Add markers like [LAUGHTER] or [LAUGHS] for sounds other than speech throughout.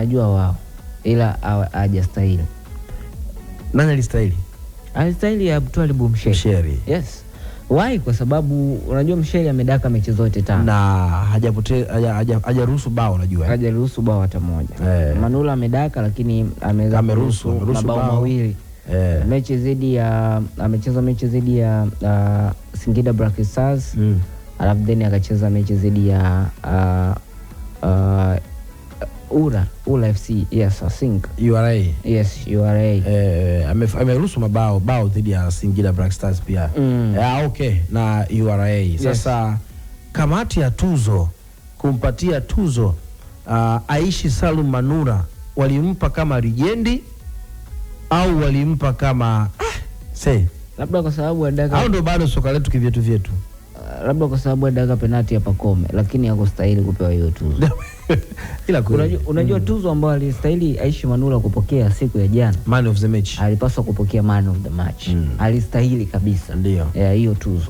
wanajua wao, ila hajastahili. Nani alistahili? Alistahili Abdul Msheri. Yes. wai Kwa sababu unajua Msheri amedaka mechi zote tano na hajaruhusu bao, unajua hajaruhusu bao hata moja eh. Manula amedaka lakini ameruhusu mabao mawili eh. Mechi zidi ya amecheza mechi zidi ya uh, Singida Black Stars mm. Alafu then akacheza mechi zidi ya uh, uh, Ura, Ura FC, yes, I think. URA. Yes, URA. Eh, eh ameruhusu mabao bao dhidi ya Singida Black Stars pia. Mm. Eh, okay, na URA. Sasa yes. Kamati ya tuzo kumpatia tuzo uh, Aishi Salum Manura walimpa kama rijendi au walimpa kama ah, se labda kwa sababu adaka au ndo bado soka letu kivyetu vyetu, uh, labda kwa sababu adaka penati ya Pakome, lakini stahili kupewa hiyo tuzo [LAUGHS] [LAUGHS] Ila unajua, unajua mm. tuzo ambayo alistahili Aishi Manula kupokea siku ya jana, man of the match, alipaswa kupokea man of the match mm. alistahili kabisa ndio hiyo tuzo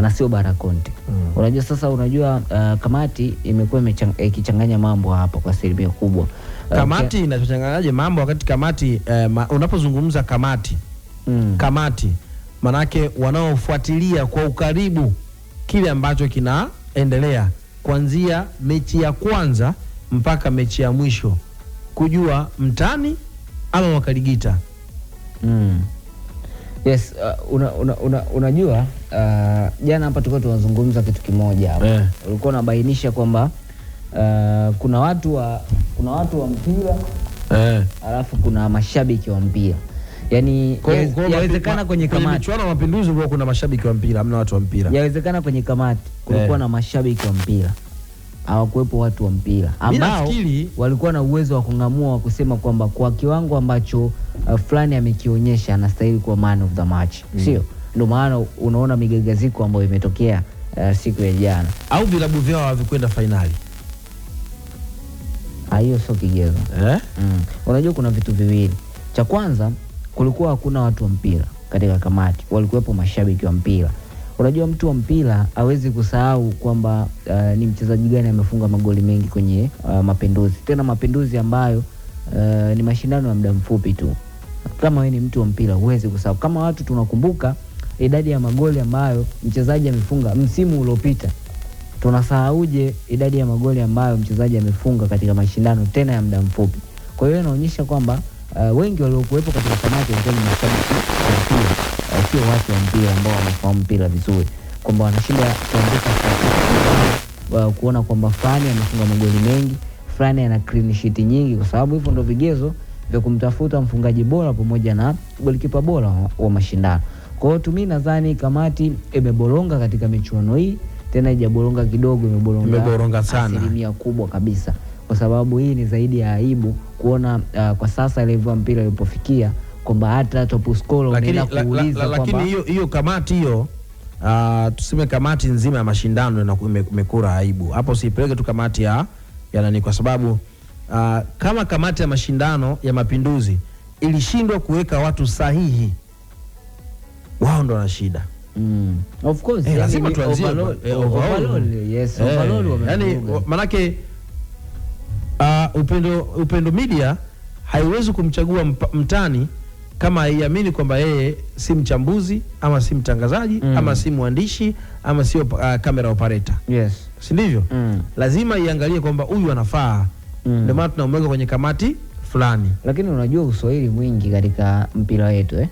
na sio Barakonte mm. Unajua sasa, unajua uh, kamati imekuwa ikichanganya mambo hapa kwa asilimia kubwa. Uh, kamati uh, inachanganyaje mambo wakati kamati uh, ma, unapozungumza kamati mm. kamati manake wanaofuatilia kwa ukaribu kile ambacho kinaendelea kuanzia mechi ya kwanza mpaka mechi ya mwisho kujua mtani ama wakaligita. Mm. Yes, uh, una, una, una, unajua uh, jana hapa tulikuwa tunazungumza kitu kimoja hapo. Eh. Ulikuwa unabainisha kwamba uh, kuna watu wa kuna watu wa mpira eh, alafu kuna mashabiki wa mpira yani yawezekana kwenye kamati michuano ya mapinduzi kulikuwa kuna mashabiki wa mpira, hamna watu wa mpira. Yawezekana kwenye kamati kulikuwa eh. na mashabiki wa mpira, hawakuwepo watu wa mpira ambao walikuwa na uwezo wa kung'amua wa kusema kwamba kwa kiwango ambacho uh, fulani amekionyesha anastahili kuwa man of the match mm. Sio ndio maana unaona migagaziko ambayo imetokea uh, siku ya jana, au vilabu vyao havikwenda fainali ah, hiyo sio kigezo eh? Mm. Unajua kuna vitu viwili, cha kwanza kulikuwa hakuna watu wa mpira katika kamati, walikuwepo mashabiki wa mpira. Unajua, mtu wa mpira awezi kusahau kwamba uh, ni mchezaji gani amefunga magoli mengi kwenye uh, mapinduzi, tena mapinduzi ambayo uh, ni mashindano ya muda mfupi tu. Kama wewe ni mtu wa mpira huwezi kusahau. Kama watu tunakumbuka idadi ya magoli ambayo mchezaji amefunga msimu uliopita, tunasahauje idadi ya magoli ambayo mchezaji amefunga katika mashindano tena ya muda mfupi? Kwa hiyo inaonyesha kwamba uh, wengi waliokuwepo katika kamati walikuwa ni mashabiki wa mpira, eh, sio watu wa mpira ambao wanafahamu mpira vizuri, kwamba wanashinda kuandika uh, kuona kwamba fulani amefunga magoli mengi, fulani ana clean sheet nyingi, kwa sababu hivyo ndio vigezo vya kumtafuta mfungaji bora pamoja na golikipa bora wa, wa mashindano. Kwa hiyo tumi nadhani kamati imeboronga katika michuano hii, tena ijaboronga kidogo, imeboronga asilimia kubwa kabisa kwa sababu hii ni zaidi ya aibu kuona uh, kwa sasa ilivyo mpira ilipofikia kwamba hata top scorer unaenda kuuliza kwamba lakini hiyo hiyo kamati hiyo uh, tuseme kamati nzima ya mashindano imekura aibu hapo, siipeleke tu kamati ya ya nani, kwa sababu uh, kama kamati ya mashindano ya Mapinduzi ilishindwa kuweka watu sahihi, wao ndo wana shida. Mm. Of course, eh, lazima tuanzie overall, eh, overall, yes, eh, overall, eh, yani manake Upendo, Upendo Media haiwezi kumchagua mtani kama haiamini kwamba yeye si mchambuzi ama si mtangazaji mm. ama si mwandishi ama sio kamera uh, operator yes. si ndivyo? mm. lazima iangalie kwamba huyu anafaa mm. ndio maana tunamweka kwenye kamati fulani, lakini unajua uswahili mwingi katika mpira wetu eh?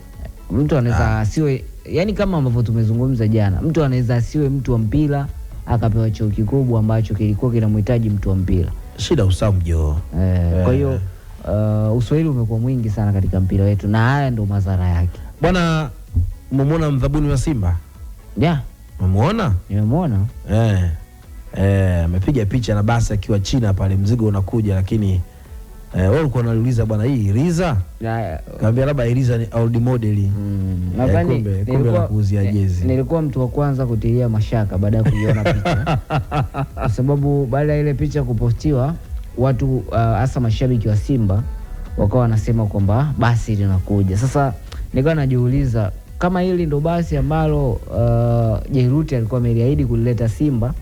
mtu anaweza ah. asiwe yani, kama ambavyo tumezungumza jana, mtu anaweza asiwe mtu wa mpira akapewa cheo kikubwa ambacho kilikuwa kinamhitaji mtu wa mpira shida usamjo eh, eh. Kwa hiyo eh. uh, uswahili umekuwa mwingi sana katika mpira wetu na haya ndio madhara yake bwana. umemwona mdhabuni wa Simba yeah. umemwona Nimemwona eh, eh, amepiga picha na basi akiwa China pale, mzigo unakuja lakini Eh, wao walikuwa wanauliza bwana hii Iriza? Kaambia labda Iriza ni old model. Mm. Eh, kumbe kumbe kuuzia jezi. Nilikuwa mtu wa kwanza kutilia mashaka baada ya kuiona picha. [LAUGHS] Kwa sababu baada ya ile picha kupostiwa watu uh, hasa uh, mashabiki wa Simba wakawa wanasema kwamba basi linakuja. Sasa nilikuwa najiuliza kama hili ndo basi ambalo uh, Jairuti alikuwa ameliahidi kulileta Simba,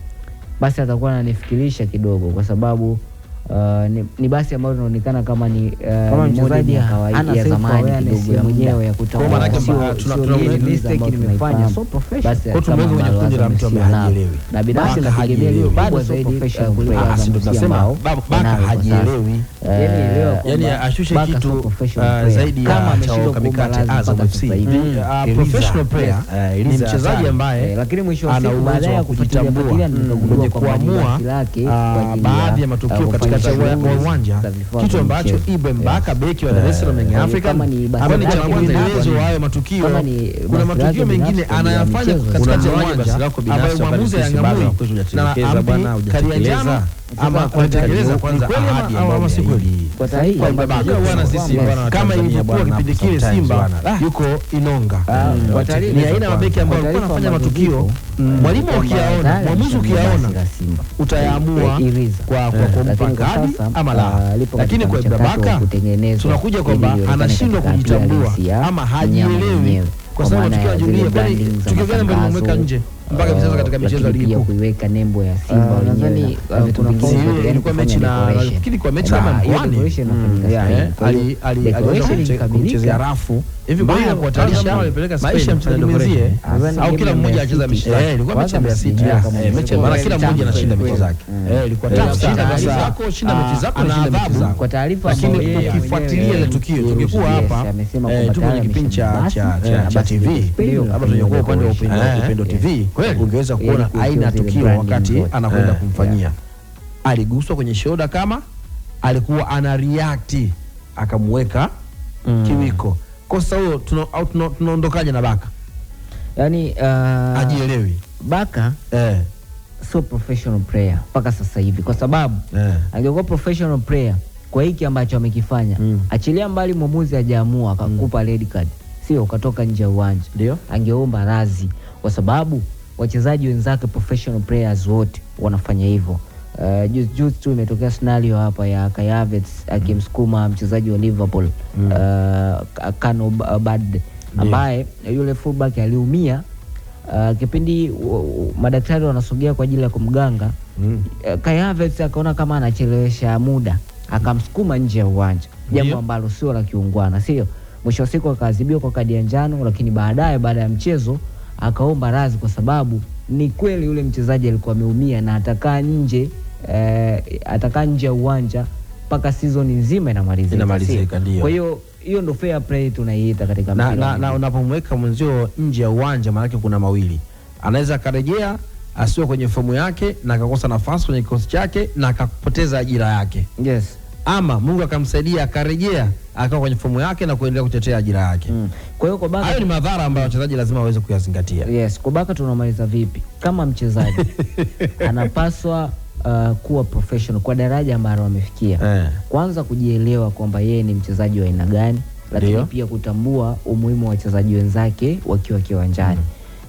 basi atakuwa ananifikirisha kidogo kwa sababu Uh, ni, ni basi ambayo inaonekana kama ni uh, mchezaji kawaida ya zamani kidogo mwenyewe ya kutawala, na binafsi nategemea bado uh, ah, Baka hajielewi, yani eh, ashushe kitu uh, zaidi ya Azam FC. Mm. Mm. Ah, professional player ni eh, eh, mchezaji ambaye lakini mwisho wa siku baada ya kujitambua, baadhi ya matukio akachagua uwanja, kitu ambacho Ibrahim Baka beki wa Dar es Salaam Young Africans ambaye hayo matukio. Kuna matukio mengine anayafanya katikati ya uwanja ambayo mwamuzi hayangamui na amri kadi ama kutekeleza kwanza ahadi ambayo kwa sahihi kwamba bwana sisi kama ilivyokuwa kipindi kile Simba ah, yuko Inonga. Ah, mm. Ni aina ya beki ambayo alikuwa anafanya matukio mm. Mm. mwalimu, ukiyaona mwamuzi ukiyaona utayaamua kwa kumpa kadi ama la, ah, lakini kwa Ibabaka tunakuja kwamba anashindwa kujitambua ama hajielewi, kwa sababu tukiwa julia, kwani tukio gani ambalo umemweka nje mpaka hivi sasa katika michezo ya alipo kuiweka nembo ya ah, Simba nadhani wenyewe ilikuwa uh, mechi na nafikiri kwa mechi kama mwani ah, mkwani mm, eh, aliweza kumchezea rafu hivi kwa hiyo kuwatalisha kuwatarisha maisha mchezaji mwenzie ah, au kila mmoja acheza mechi yake eh, ilikuwa mechi ya sita eh, mechi mara kila mmoja anashinda mechi zake mm. eh ilikuwa tafu shinda mechi zako shinda mechi zako na adhabu kwa taarifa lakini ukifuatilia ile tukio tungekuwa hapa tuko kwenye kipindi cha cha cha TV hapa tunakuwa upande wa upendo TV ungeweza kuona yaani aina ya tukio wakati anakwenda eh, kumfanyia. Aliguswa kwenye shoda kama alikuwa ana react akamweka mm. kiwiko kosa huyo tunaondokaje na Baka? yani, uh, ajielewi Baka eh. Sio professional player mpaka sasa hivi kwa sababu eh, angekuwa professional player kwa hiki ambacho amekifanya mm. Achilia mbali mwamuzi ajaamua akakupa mm. red card, sio ukatoka nje ya uwanja, ndio angeomba radhi kwa sababu wachezaji wenzake professional players wote wanafanya hivyo. Uh, juzi tu imetokea scenario hapa ya Kai Havertz akimsukuma mchezaji wa Liverpool mm. uh, Kano Bad ambaye yeah. yule fullback aliumia uh, kipindi uh, madaktari wanasogea kwa ajili ya kumganga mm. uh, Kai Havertz akaona kama anachelewesha muda akamsukuma nje ya uwanja jambo yeah. ambalo sio la kiungwana, sio mwisho wa siku akaadhibiwa kwa kadi ya njano, lakini baadaye baada ya mchezo akaomba radhi kwa sababu ni kweli yule mchezaji alikuwa ameumia na atakaa nje eh, atakaa nje ya uwanja mpaka sizoni nzima inamalizika. Kwa hiyo hiyo ndo fair play tunaiita katika na, na, na unapomweka mwenzio nje ya uwanja, maanake kuna mawili, anaweza akarejea asiwe kwenye fomu yake na akakosa nafasi kwenye kikosi chake na akapoteza ajira yake. Yes ama Mungu akamsaidia akarejea akawa kwenye fomu yake na kuendelea kutetea ajira yake. Mm. Kwa hiyo Kobaka, hayo ni madhara ambayo wachezaji lazima waweze kuyazingatia. Yes, Kobaka tunamaliza vipi? Kama mchezaji [LAUGHS] anapaswa uh, kuwa professional kwa daraja ambalo amefikia. Eh. Kwanza kujielewa kwamba yeye ni mchezaji wa aina gani, lakini pia kutambua umuhimu wa wachezaji wenzake wakiwa kiwanjani.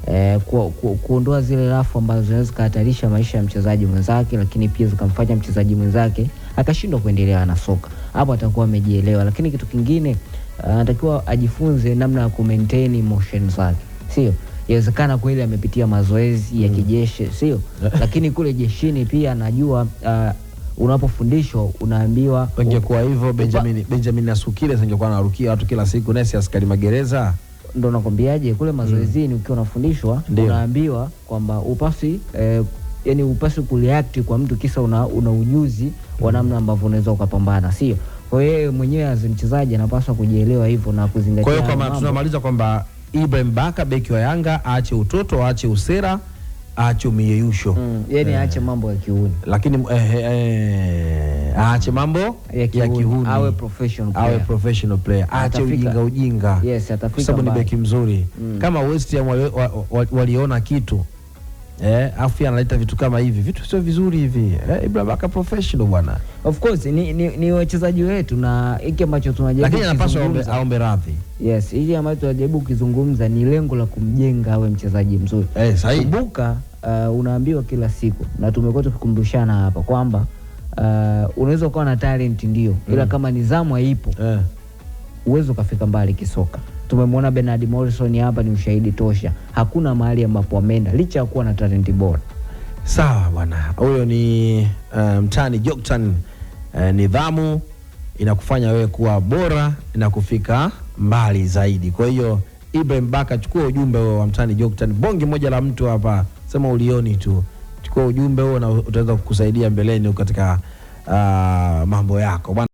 Mm. Eh, ku, ku, kuondoa zile rafu ambazo zinaweza kuhatarisha maisha ya mchezaji mwenzake, lakini pia zikamfanya mchezaji mwenzake akashindwa kuendelea na soka, hapo atakuwa amejielewa. Lakini kitu kingine uh, anatakiwa uh, ajifunze namna ya ku maintain emotion zake, sio inawezekana kweli amepitia mazoezi ya mm. kijeshi sio [LAUGHS] lakini kule jeshini pia anajua uh, unapofundishwa unaambiwa ungekuwa hivyo Benjamin Benjamin Asukile singekuwa anarukia watu kila siku si askari magereza ndo nakwambiaje kule mm. mazoezini mm. ukiwa unafundishwa unaambiwa kwamba upasi eh, yani upaswi kureact kwa mtu kisa una, una ujuzi wa mm. namna ambavyo unaweza ukapambana, sio kwa hiyo mwenyewe as mchezaji anapaswa kujielewa hivyo na kuzingatia. Kwa hiyo kama tunamaliza kwamba Ibrahim Baka beki wa Yanga aache utoto, aache usera, aache umiyeyusho mm, yani aache eh, mambo ya kiuni, lakini eh, eh, eh aache mambo ya kiuni, ya kiuni. awe professional player, awe professional player, aache ujinga ujinga, yes, atafika kwa sababu ni beki mzuri mm. kama West Ham waliona wa, wa, wa, wa kitu eh, afu analeta vitu kama hivi, vitu sio vizuri hivi eh, Ibrahim Baka professional bwana. Of course ni, ni, ni wachezaji wetu na hiki ambacho tunajaribu, lakini anapaswa aombe, aombe radhi. Yes, hili ambacho tunajaribu kuzungumza ni lengo la kumjenga awe mchezaji mzuri eh, sahi. Kumbuka uh, unaambiwa kila siku na tumekuwa tukikumbushana hapa kwamba uh, unaweza ukawa na talent ndio, ila mm. kama nidhamu haipo eh, uwezo ukafika mbali kisoka tumemwona Bernard Morrison hapa ni ushahidi tosha, hakuna mahali ambapo ameenda licha ya kuwa na talenti bora. Sawa bwana, huyo ni eh, mtani Joktan. Uh, nidhamu inakufanya wewe kuwa bora, inakufika mbali zaidi. Kwa hiyo Ibrahim Baka, chukua ujumbe huo wa mtani Joktan, bonge moja la mtu hapa, sema ulioni tu, chukua ujumbe huo na utaweza kukusaidia mbeleni katika uh, mambo yako bwana.